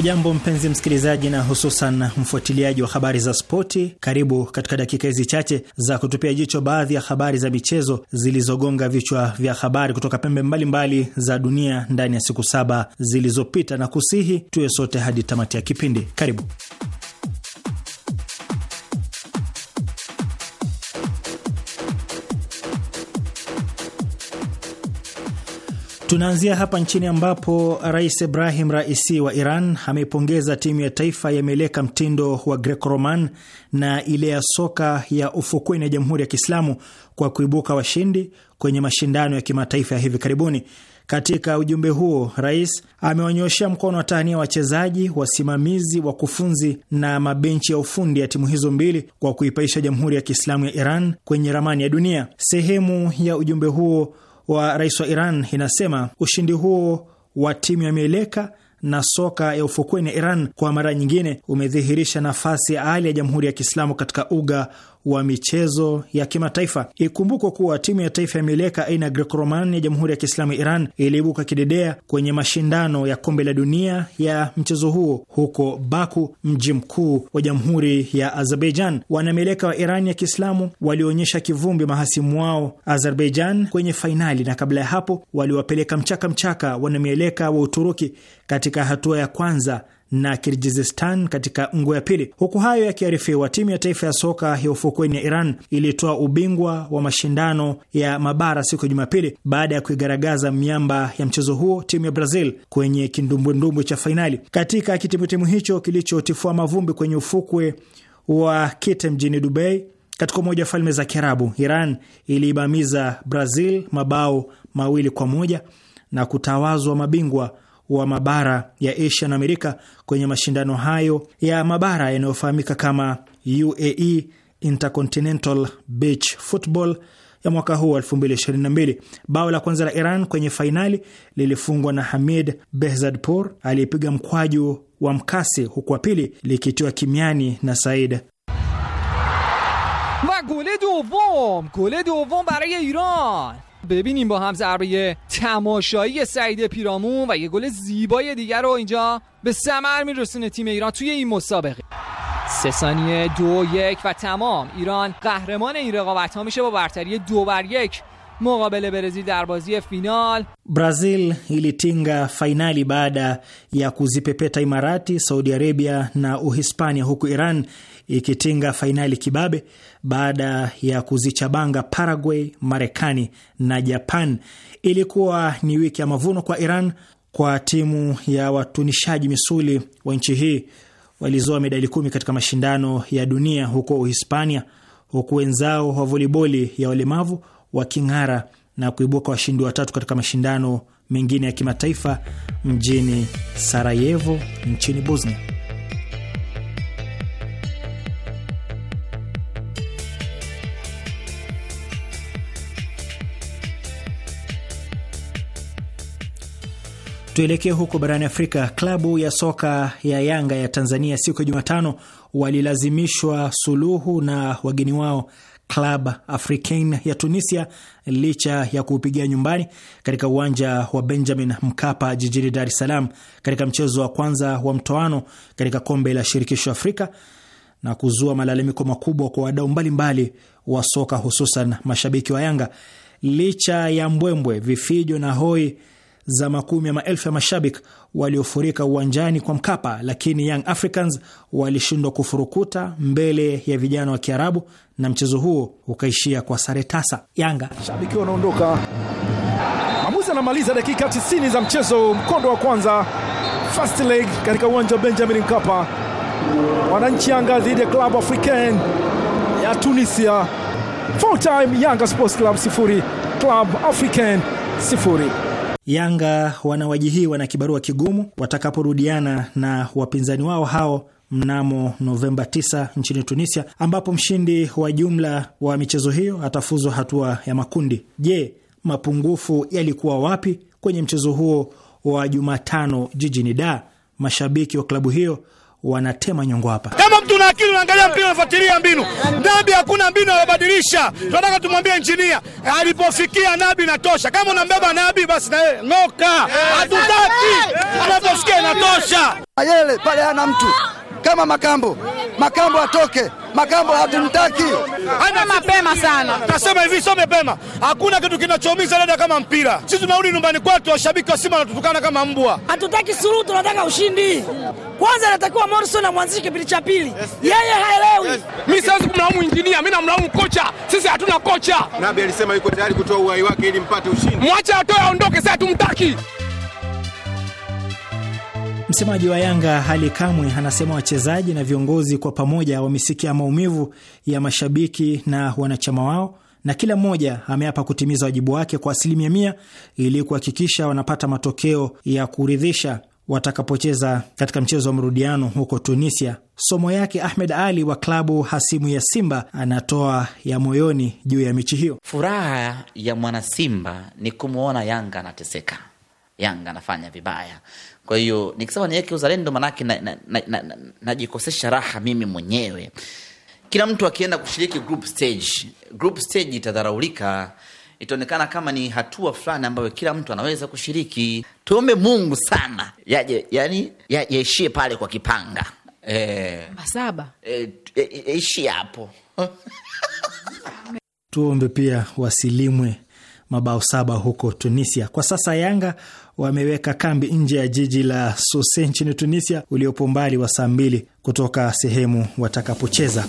Speaker 2: jambo mpenzi msikilizaji na hususan mfuatiliaji wa habari za spoti. Karibu katika dakika hizi chache za kutupia jicho baadhi ya habari za michezo zilizogonga vichwa vya habari kutoka pembe mbalimbali mbali za dunia ndani ya siku saba zilizopita, na kusihi tuwe sote hadi tamati ya kipindi. Karibu. Tunaanzia hapa nchini ambapo Rais Ibrahim Raisi wa Iran ameipongeza timu ya taifa ya mieleka mtindo wa Greco-Roman na ile ya soka ya ufukweni ya Jamhuri ya Kiislamu kwa kuibuka washindi kwenye mashindano ya kimataifa ya hivi karibuni. Katika ujumbe huo, rais amewanyoshea mkono wa tahania wachezaji, wasimamizi, wakufunzi na mabenchi ya ufundi ya timu hizo mbili kwa kuipaisha Jamhuri ya Kiislamu ya Iran kwenye ramani ya dunia. Sehemu ya ujumbe huo wa rais wa Iran inasema ushindi huo wa timu ya mieleka na soka ya ufukweni ya Iran kwa mara nyingine umedhihirisha nafasi ya ali ya Jamhuri ya Kiislamu katika uga wa michezo ya kimataifa. Ikumbukwe kuwa timu ya taifa ya mieleka aina ya Greco-Roman ya Jamhuri ya Kiislamu ya Iran iliibuka kidedea kwenye mashindano ya kombe la dunia ya mchezo huo huko Baku, mji mkuu wa Jamhuri ya Azerbaijan. Wanamieleka wa Iran ya Kiislamu walionyesha kivumbi mahasimu wao Azerbaijan kwenye fainali, na kabla ya hapo waliwapeleka mchaka mchaka wanamieleka wa Uturuki katika hatua ya kwanza na Kirgizistan katika ngo ya pili. Huku hayo yakiarifiwa, timu ya taifa ya soka ya ufukweni ya Iran ilitoa ubingwa wa mashindano ya mabara siku ya Jumapili baada ya kuigaragaza miamba ya mchezo huo timu ya Brazil kwenye kindumbwendumbwe cha fainali. Katika kitimutimu hicho kilichotifua mavumbi kwenye ufukwe wa Kite mjini Dubai katika Umoja wa Falme za Kiarabu, Iran iliibamiza Brazil mabao mawili kwa moja na kutawazwa mabingwa wa mabara ya Asia na Amerika kwenye mashindano hayo ya mabara yanayofahamika kama UAE Intercontinental Beach Football ya mwaka huu 2022. Bao la kwanza la Iran kwenye fainali lilifungwa na Hamid Behzadpour aliyepiga mkwaju wa mkasi, huku wa pili likitiwa kimiani na Said
Speaker 3: va gole gole dovom baraye Iran ببینیم با هم ضربه تماشایی سعید پیرامون و یه گل زیبای دیگر رو اینجا به سمر میرسونه تیم ایران توی این مسابقه سه ثانیه دو یک و تمام ایران قهرمان این رقابت ها میشه با برتری دو بر یک مقابل برزیل در بازی فینال.
Speaker 2: فینالی ilitinga فینالی بعد ya kuzipepeta Imarati, Saudi Arabia na Uhispania, حکو ایران ikitinga fainali kibabe baada ya kuzichabanga Paraguay, Marekani na Japan. Ilikuwa ni wiki ya mavuno kwa Iran, kwa timu ya watunishaji misuli wa nchi hii walizoa medali kumi katika mashindano ya dunia huko Uhispania, huku wenzao wa voliboli ya walemavu waking'ara na kuibuka washindi watatu katika mashindano mengine ya kimataifa mjini Sarajevo nchini Bosnia. Tuelekee huko barani Afrika. Klabu ya soka ya Yanga ya Tanzania siku ya Jumatano walilazimishwa suluhu na wageni wao Club Africain ya Tunisia licha ya kuupigia nyumbani katika uwanja wa Benjamin Mkapa jijini Dar es Salaam katika mchezo wa kwanza wa mtoano katika kombe la shirikisho Afrika na kuzua malalamiko makubwa kwa wadau mbalimbali wa soka hususan mashabiki wa Yanga. Licha ya mbwembwe, vifijo na hoi za makumi ya maelfu ya mashabiki waliofurika uwanjani kwa Mkapa, lakini Young Africans walishindwa kufurukuta mbele ya vijana wa Kiarabu na mchezo huo ukaishia kwa sare tasa. Yanga shabiki wanaondoka. Mamuzi anamaliza dakika 90 za mchezo, mkondo wa kwanza first leg katika uwanja wa Benjamin Mkapa. Wananchi Yanga dhidi ya Club African ya Tunisia. Full time Yanga Sports Club sifuri, Club African sifuri. Yanga wanawaji hii wana kibarua kigumu watakaporudiana na wapinzani wao hao mnamo Novemba 9 nchini Tunisia, ambapo mshindi wa jumla wa michezo hiyo atafuzwa hatua ya makundi. Je, mapungufu yalikuwa wapi kwenye mchezo huo wa Jumatano jijini Dar? Mashabiki wa klabu hiyo wanatema nyongo hapa. Kama mtu na akili unaangalia mpira unafuatilia mbinu, Nabi hakuna mbinu alobadilisha. Tunataka tumwambie injinia alipofikia Nabi natosha Kama unambeba Nabi basi na yeye ng'oka, hatutaki anapofikia inatosha. Mayele pale ana mtu kama Makambo Makambo
Speaker 4: atoke, Makambo hatumtaki. Ana mapema sana tasema hivi, sio mapema. Hakuna kitu kinachoumiza dada kama mpira. Sisi tunarudi nyumbani kwetu, washabiki wa Simba wanatutukana kama mbwa. Hatutaki suluhu, tunataka ushindi. Kwanza anatakiwa Morrison amwanzishe kipindi cha pili, yeye haelewi. Mimi siwezi kumlaumu injinia, mimi namlaumu kocha. Sisi hatuna kocha. Nabi alisema yuko tayari kutoa uhai wake ili mpate ushindi. Mwache atoe, aondoke, sasa hatumtaki.
Speaker 2: Msemaji wa Yanga Ali Kamwe anasema wachezaji na viongozi kwa pamoja wamesikia maumivu ya mashabiki na wanachama wao na kila mmoja ameapa kutimiza wajibu wake kwa asilimia mia ili kuhakikisha wanapata matokeo ya kuridhisha watakapocheza katika mchezo wa marudiano huko Tunisia. Somo yake Ahmed Ali wa klabu hasimu ya Simba anatoa ya moyoni juu ya mechi hiyo. Furaha
Speaker 3: ya mwanasimba ni kumwona Yanga anateseka, Yanga anafanya vibaya, kwa hiyo nikisema niweke uzalendo, manake najikosesha na, na, na, na na raha mimi mwenyewe. Kila mtu akienda kushiriki group stage, group stage itadharaulika, itaonekana kama ni hatua fulani ambayo kila mtu anaweza kushiriki. Tuombe Mungu sana yaje, yani yaishie ya pale kwa kipanga
Speaker 4: e, masaba eh,
Speaker 3: yaishie e, e, hapo
Speaker 2: tuombe pia wasilimwe mabao saba huko Tunisia. Kwa sasa Yanga wameweka kambi nje ya jiji la Sousse nchini Tunisia, uliopo mbali wa saa mbili kutoka sehemu watakapocheza.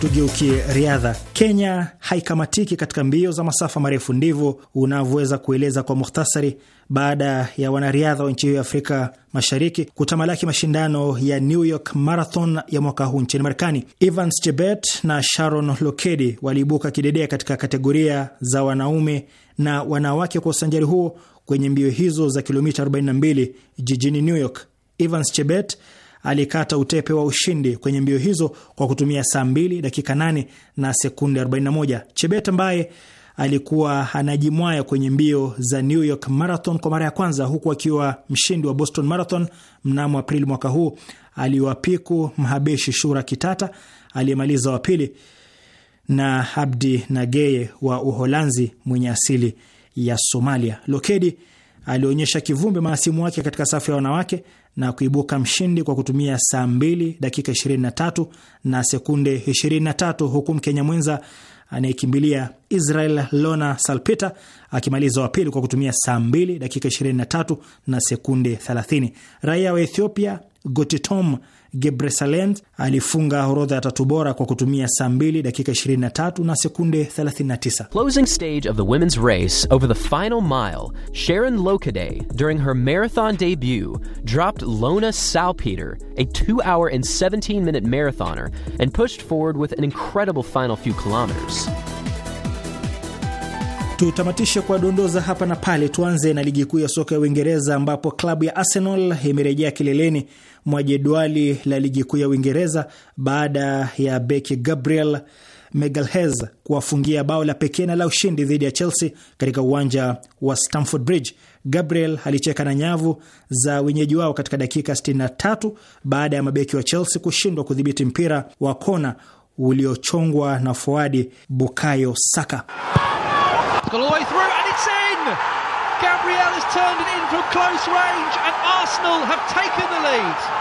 Speaker 2: Tugeukie riadha. Kenya haikamatiki katika mbio za masafa marefu, ndivyo unavyoweza kueleza kwa muhtasari, baada ya wanariadha wa nchi hiyo ya Afrika Mashariki kutamalaki mashindano ya New York Marathon ya mwaka huu nchini Marekani. Evans Chebet na Sharon Lokedi waliibuka kidedea katika kategoria za wanaume na wanawake kwa usanjari huo kwenye mbio hizo za kilomita 42 jijini New York. Evans Chebet alikata utepe wa ushindi kwenye mbio hizo kwa kutumia saa 2 dakika 8 na sekunde 41. Chebet ambaye alikuwa anajimwaya kwenye mbio za New York Marathon kwa mara ya kwanza, huku akiwa mshindi wa Boston Marathon mnamo Aprili mwaka huu, aliwapiku mhabeshi Shura Kitata aliyemaliza wa pili na Abdi Nageye wa Uholanzi mwenye asili ya Somalia. Lokedi alionyesha kivumbi mahasimu wake katika safu ya wanawake na kuibuka mshindi kwa kutumia saa 2 dakika 23 na sekunde 23, huku Mkenya mwenza anayekimbilia Israel Lona Salpeter akimaliza wa pili kwa kutumia saa 2 dakika 23 na sekunde 30. Raia wa Ethiopia Gotitom Gebresalend alifunga orodha ya tatu bora kwa kutumia saa 2 dakika 23 na sekunde 39.
Speaker 3: Closing stage of the women's race over the final mile, Sharon Lokade during her marathon debut dropped Lona Salpeter, a 2 hour and 17 minute marathoner and pushed forward with an incredible final few kilometers.
Speaker 2: Tutamatishe kwa dondoza hapa na pale. Tuanze na ligi kuu ya soka ya Uingereza ambapo klabu ya Arsenal imerejea kileleni mwa jedwali la ligi kuu ya Uingereza baada ya beki Gabriel Magalhaes kuwafungia bao la pekee na la ushindi dhidi ya Chelsea katika uwanja wa Stamford Bridge. Gabriel alicheka na nyavu za wenyeji wao katika dakika 63 baada ya mabeki wa Chelsea kushindwa kudhibiti mpira wa kona uliochongwa na Fuadi Bukayo Saka.
Speaker 3: Hartnell all the way through, and it's in! Gabriel has turned it in from close range, and Arsenal have taken the lead.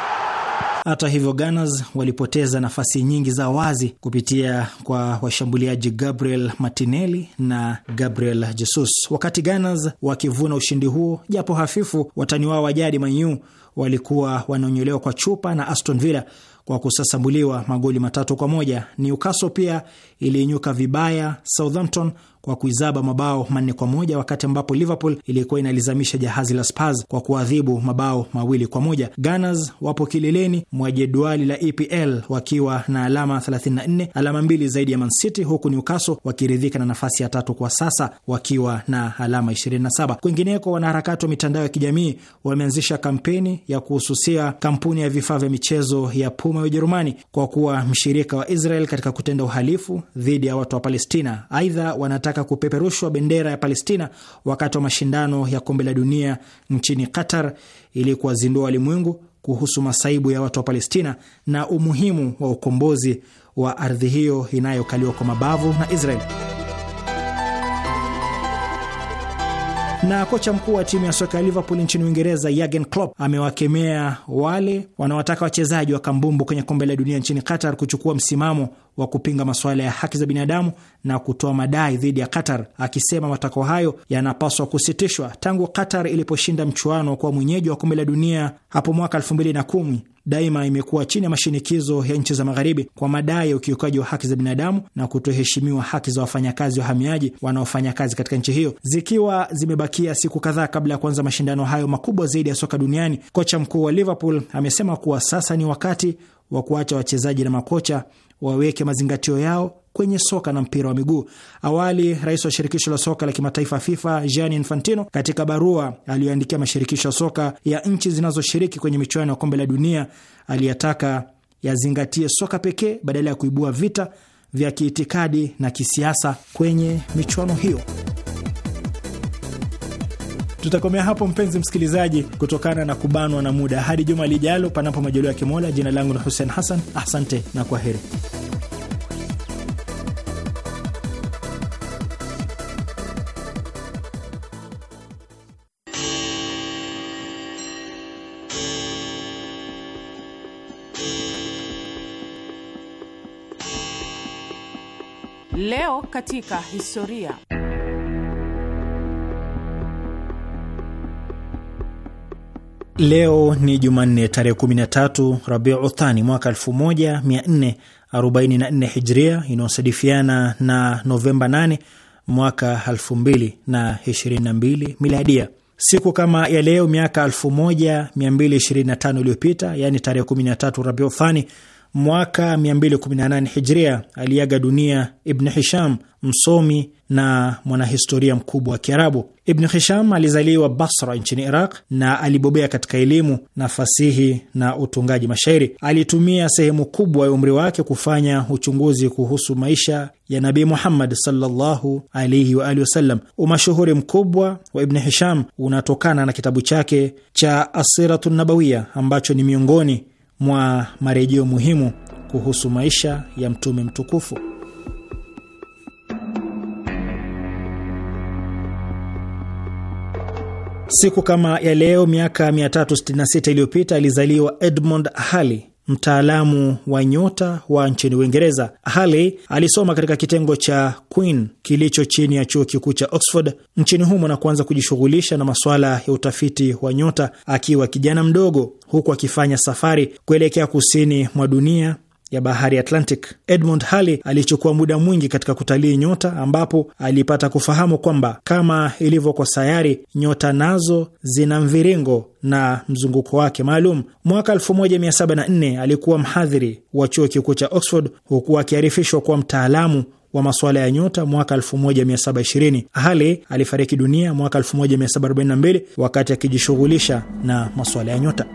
Speaker 2: Hata hivyo Gunners walipoteza nafasi nyingi za wazi kupitia kwa washambuliaji Gabriel Martinelli na Gabriel Jesus. Wakati Gunners wakivuna ushindi huo japo hafifu, watani wao wa jadi Manyu walikuwa wanaonyolewa kwa chupa na Aston Villa kwa kusasambuliwa magoli matatu kwa moja. Newcastle pia iliinyuka vibaya Southampton kwa kuizaba mabao manne kwa moja wakati ambapo Liverpool ilikuwa inalizamisha jahazi la Spurs kwa kuadhibu mabao mawili kwa moja. Gunners wapo kileleni mwa jedwali la EPL wakiwa na alama 34, alama mbili zaidi ya Man City, huku Newcastle wakiridhika na nafasi ya tatu kwa sasa wakiwa na alama 27. Kwingineko, wanaharakati wa mitandao ya kijamii wameanzisha kampeni ya kuhususia kampuni ya vifaa vya michezo ya Puma ya Ujerumani kwa kuwa mshirika wa Israel katika kutenda uhalifu dhidi ya watu wa Palestina. Aidha wanataka kutaka kupeperushwa bendera ya Palestina wakati wa mashindano ya kombe la dunia nchini Qatar ili kuwazindua walimwengu kuhusu masaibu ya watu wa Palestina na umuhimu wa ukombozi wa ardhi hiyo inayokaliwa kwa mabavu na israel na kocha mkuu wa timu ya soka ya Liverpool nchini Uingereza Jurgen Klopp amewakemea wale wanaotaka wachezaji wa kambumbu kwenye kombe la dunia nchini Qatar kuchukua msimamo wa kupinga masuala ya haki za binadamu na kutoa madai dhidi ya Qatar, akisema matakwa hayo yanapaswa kusitishwa. Tangu Qatar iliposhinda mchuano kwa mwenyeji wa kombe la dunia hapo mwaka 2010 daima imekuwa chini ya mashinikizo ya nchi za Magharibi kwa madai ya ukiukaji wa haki za binadamu na kutoheshimiwa haki za wafanyakazi wahamiaji wanaofanya kazi katika nchi hiyo. Zikiwa zimebakia siku kadhaa kabla ya kuanza mashindano hayo makubwa zaidi ya soka duniani, kocha mkuu wa Liverpool amesema kuwa sasa ni wakati wa kuacha wachezaji na makocha waweke mazingatio yao kwenye soka na mpira wa miguu. Awali, rais wa shirikisho la soka la kimataifa FIFA Gianni Infantino, katika barua aliyoandikia mashirikisho ya soka ya nchi zinazoshiriki kwenye michuano ya kombe la dunia, aliyataka yazingatie soka pekee badala ya kuibua vita vya kiitikadi na kisiasa kwenye michuano hiyo. Tutakomea hapo mpenzi msikilizaji, kutokana na kubanwa na muda. Hadi juma lijalo, panapo majaliwa ya Kimola. Jina langu ni Hussein Hassan, asante na kwa heri.
Speaker 4: Leo katika historia
Speaker 2: Leo ni Jumanne tarehe 13 Rabiu Thani mwaka 1444 Hijria, inayosadifiana na Novemba 8 mwaka 2022 Miladia. Siku kama ya leo miaka 1225 iliyopita, yaani tarehe 13 Rabiu Thani mwaka 218 hijria aliaga dunia Ibn Hisham, msomi na mwanahistoria mkubwa wa Kiarabu. Ibn Hisham alizaliwa Basra nchini Iraq na alibobea katika elimu na fasihi na utungaji mashairi. Alitumia sehemu kubwa ya umri wake kufanya uchunguzi kuhusu maisha ya Nabii Muhammad sallallahu alaihi wasallam. Umashuhuri mkubwa wa Ibn Hisham unatokana na kitabu chake cha Asiratu Nabawiya ambacho ni miongoni mwa marejeo muhimu kuhusu maisha ya mtume mtukufu. Siku kama ya leo miaka 366 iliyopita alizaliwa Edmund Halley, mtaalamu wa nyota wa nchini Uingereza. Halley alisoma katika kitengo cha Queen kilicho chini ya chuo kikuu cha Oxford nchini humo na kuanza kujishughulisha na masuala ya utafiti wa nyota akiwa kijana mdogo, huku akifanya safari kuelekea kusini mwa dunia ya bahari Atlantic. Edmund Halley alichukua muda mwingi katika kutalii nyota, ambapo alipata kufahamu kwamba kama ilivyo kwa sayari, nyota nazo zina mviringo na mzunguko wake maalum. Mwaka 1704 alikuwa mhadhiri wa chuo kikuu cha Oxford, huku akiarifishwa kuwa mtaalamu wa masuala ya nyota mwaka 1720. Halley alifariki dunia mwaka 1742 wakati akijishughulisha na masuala ya nyota.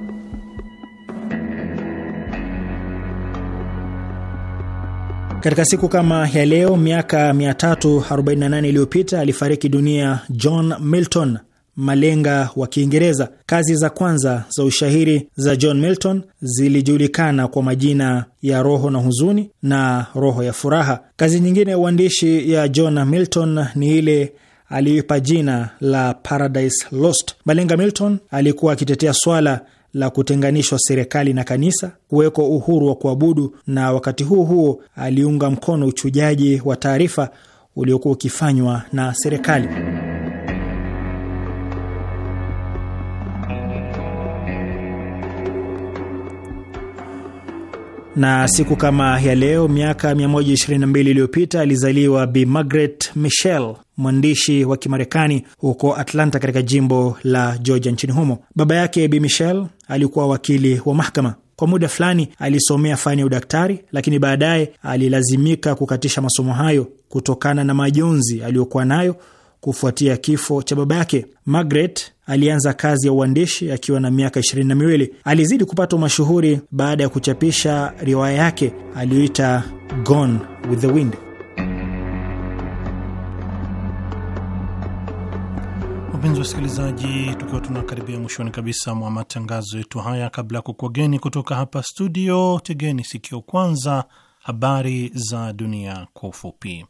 Speaker 2: Katika siku kama ya leo miaka 348 iliyopita alifariki dunia John Milton, malenga wa Kiingereza. Kazi za kwanza za ushairi za John Milton zilijulikana kwa majina ya Roho na Huzuni na Roho ya Furaha. Kazi nyingine ya uandishi ya John Milton ni ile aliyoipa jina la Paradise Lost. Malenga Milton alikuwa akitetea swala la kutenganishwa serikali na kanisa, kuwekwa uhuru wa kuabudu, na wakati huo huo aliunga mkono uchujaji wa taarifa uliokuwa ukifanywa na serikali. na siku kama ya leo miaka 122 iliyopita alizaliwa Bi Margaret michel mwandishi wa Kimarekani huko Atlanta katika jimbo la Georgia nchini humo. Baba yake Bi Mitchell alikuwa wakili wa mahakama. Kwa muda fulani alisomea fani ya udaktari, lakini baadaye alilazimika kukatisha masomo hayo kutokana na majonzi aliyokuwa nayo kufuatia kifo cha baba yake. Margaret alianza kazi ya uandishi akiwa na miaka ishirini na miwili. Alizidi kupata mashuhuri baada ya kuchapisha riwaya yake aliyoita Gone with the Wind.
Speaker 1: Wapenzi wasikilizaji, tukiwa tunakaribia mwishoni kabisa mwa matangazo yetu haya, kabla ya kukuageni kutoka hapa studio, tegeni sikio kwanza habari za dunia kwa ufupi.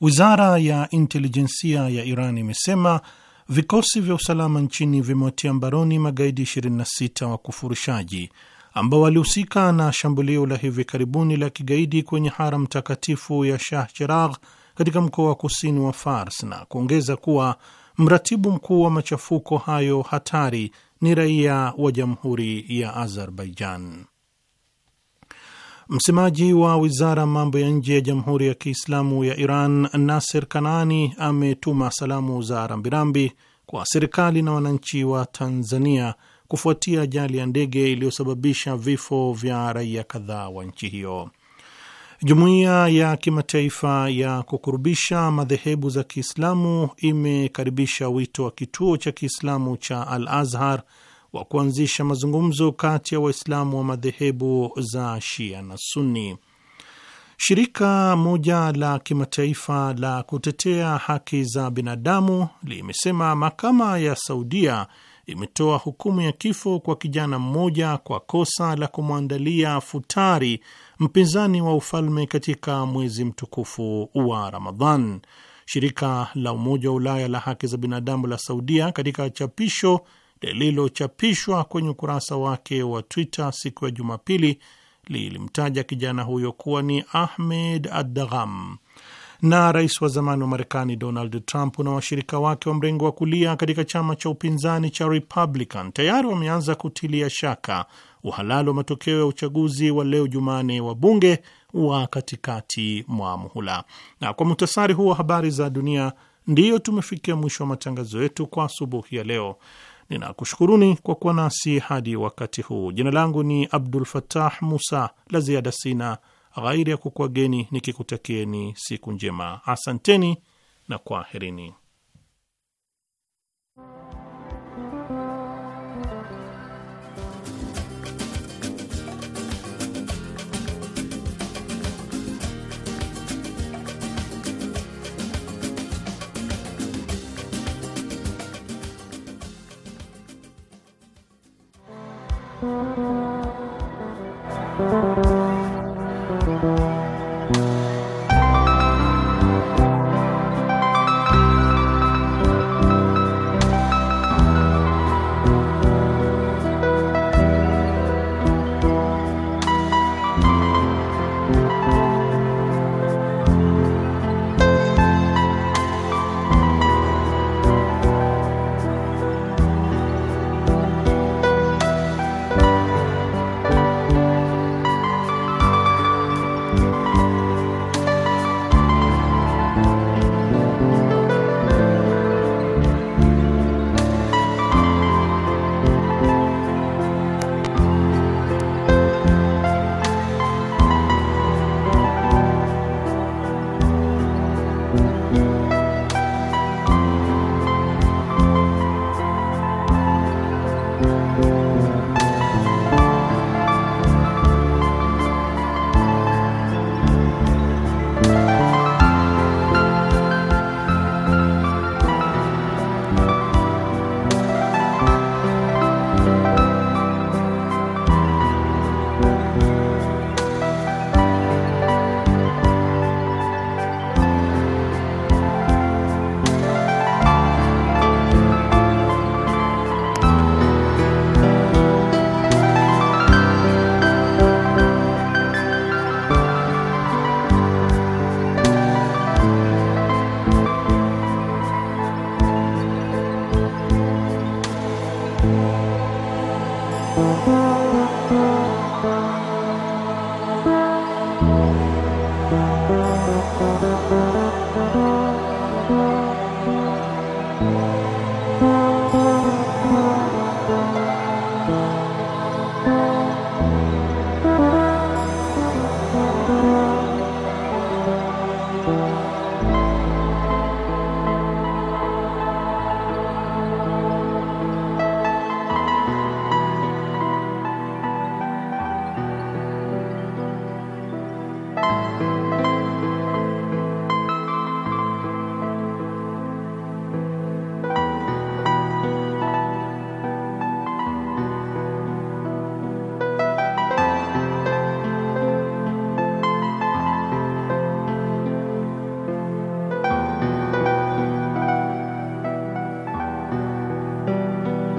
Speaker 1: Wizara ya intelijensia ya Iran imesema vikosi vya usalama nchini vimewatia mbaroni magaidi 26 wa kufurushaji ambao walihusika na shambulio la hivi karibuni la kigaidi kwenye haram takatifu ya Shah Cheragh katika mkoa wa kusini wa Fars na kuongeza kuwa mratibu mkuu wa machafuko hayo hatari ni raia wa Jamhuri ya Azerbaijan. Msemaji wa wizara mambo ya nje ya Jamhuri ya Kiislamu ya Iran, Nasir Kanaani, ametuma salamu za rambirambi kwa serikali na wananchi wa Tanzania kufuatia ajali ya ndege iliyosababisha vifo vya raia kadhaa wa nchi hiyo. Jumuiya ya kimataifa ya kukurubisha madhehebu za Kiislamu imekaribisha wito wa kituo cha Kiislamu cha Al Azhar wa kuanzisha mazungumzo kati ya Waislamu wa, madhehebu za Shia na Sunni. Shirika moja la kimataifa la kutetea haki za binadamu limesema mahakama ya Saudia imetoa hukumu ya kifo kwa kijana mmoja kwa kosa la kumwandalia futari mpinzani wa ufalme katika mwezi mtukufu wa Ramadhan. Shirika la Umoja wa Ulaya la haki za binadamu la Saudia, katika chapisho lililochapishwa kwenye ukurasa wake wa Twitter siku ya Jumapili lilimtaja kijana huyo kuwa ni Ahmed Addagham. Na rais wa zamani wa Marekani Donald Trump na washirika wake wa mrengo wa kulia katika chama cha upinzani cha Republican tayari wameanza kutilia shaka uhalali wa matokeo ya uchaguzi wa leo Jumane wa bunge wa katikati mwa muhula. Na kwa muhtasari huu wa habari za dunia, ndiyo tumefikia mwisho wa matangazo yetu kwa asubuhi ya leo. Ninakushukuruni kwa kuwa nasi hadi wakati huu. Jina langu ni Abdul Fatah Musa. La ziada sina ghairi ya kukwageni nikikutakieni siku njema. Asanteni na kwaherini. Thank you.